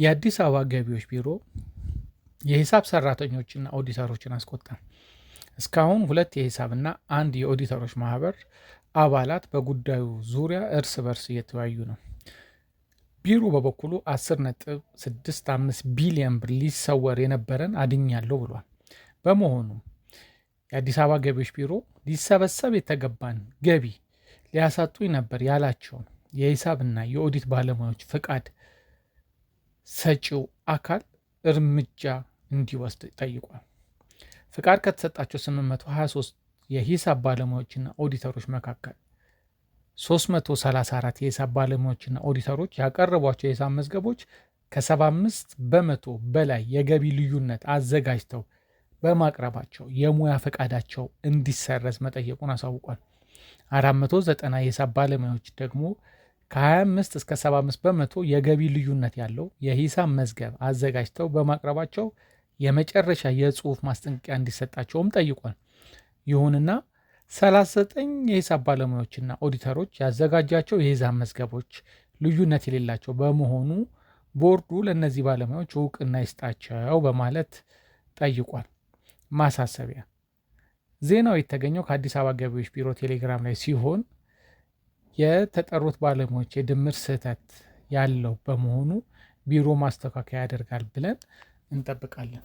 የአዲስ አበባ ገቢዎች ቢሮ የሂሳብ ሰራተኞችና ኦዲተሮችን አስቆጣ። እስካሁን ሁለት የሂሳብና አንድ የኦዲተሮች ማህበር አባላት በጉዳዩ ዙሪያ እርስ በርስ እየተወያዩ ነው። ቢሮ በበኩሉ 10.65 ቢሊዮን ብር ሊሰወር የነበረን አድኛለሁ ብሏል። በመሆኑ የአዲስ አበባ ገቢዎች ቢሮ ሊሰበሰብ የተገባን ገቢ ሊያሳጡኝ ነበር ያላቸውን የሂሳብና የኦዲት ባለሙያዎች ፍቃድ ሰጪው አካል እርምጃ እንዲወስድ ጠይቋል። ፍቃድ ከተሰጣቸው 823 የሂሳብ ባለሙያዎችና ኦዲተሮች መካከል 334 የሂሳብ ባለሙያዎችና ኦዲተሮች ያቀረቧቸው የሂሳብ መዝገቦች ከ75 በመቶ በላይ የገቢ ልዩነት አዘጋጅተው በማቅረባቸው የሙያ ፈቃዳቸው እንዲሰረዝ መጠየቁን አሳውቋል። 490 የሂሳብ ባለሙያዎች ደግሞ ከ25 እስከ 75 በመቶ የገቢ ልዩነት ያለው የሂሳብ መዝገብ አዘጋጅተው በማቅረባቸው የመጨረሻ የጽሑፍ ማስጠንቀቂያ እንዲሰጣቸውም ጠይቋል። ይሁንና 39 የሂሳብ ባለሙያዎችና ኦዲተሮች ያዘጋጃቸው የሂሳብ መዝገቦች ልዩነት የሌላቸው በመሆኑ ቦርዱ ለእነዚህ ባለሙያዎች እውቅና ይስጣቸው በማለት ጠይቋል። ማሳሰቢያ ዜናው የተገኘው ከአዲስ አበባ ገቢዎች ቢሮ ቴሌግራም ላይ ሲሆን የተጠሩት ባለሙያዎች የድምር ስህተት ያለው በመሆኑ ቢሮ ማስተካከያ ያደርጋል ብለን እንጠብቃለን።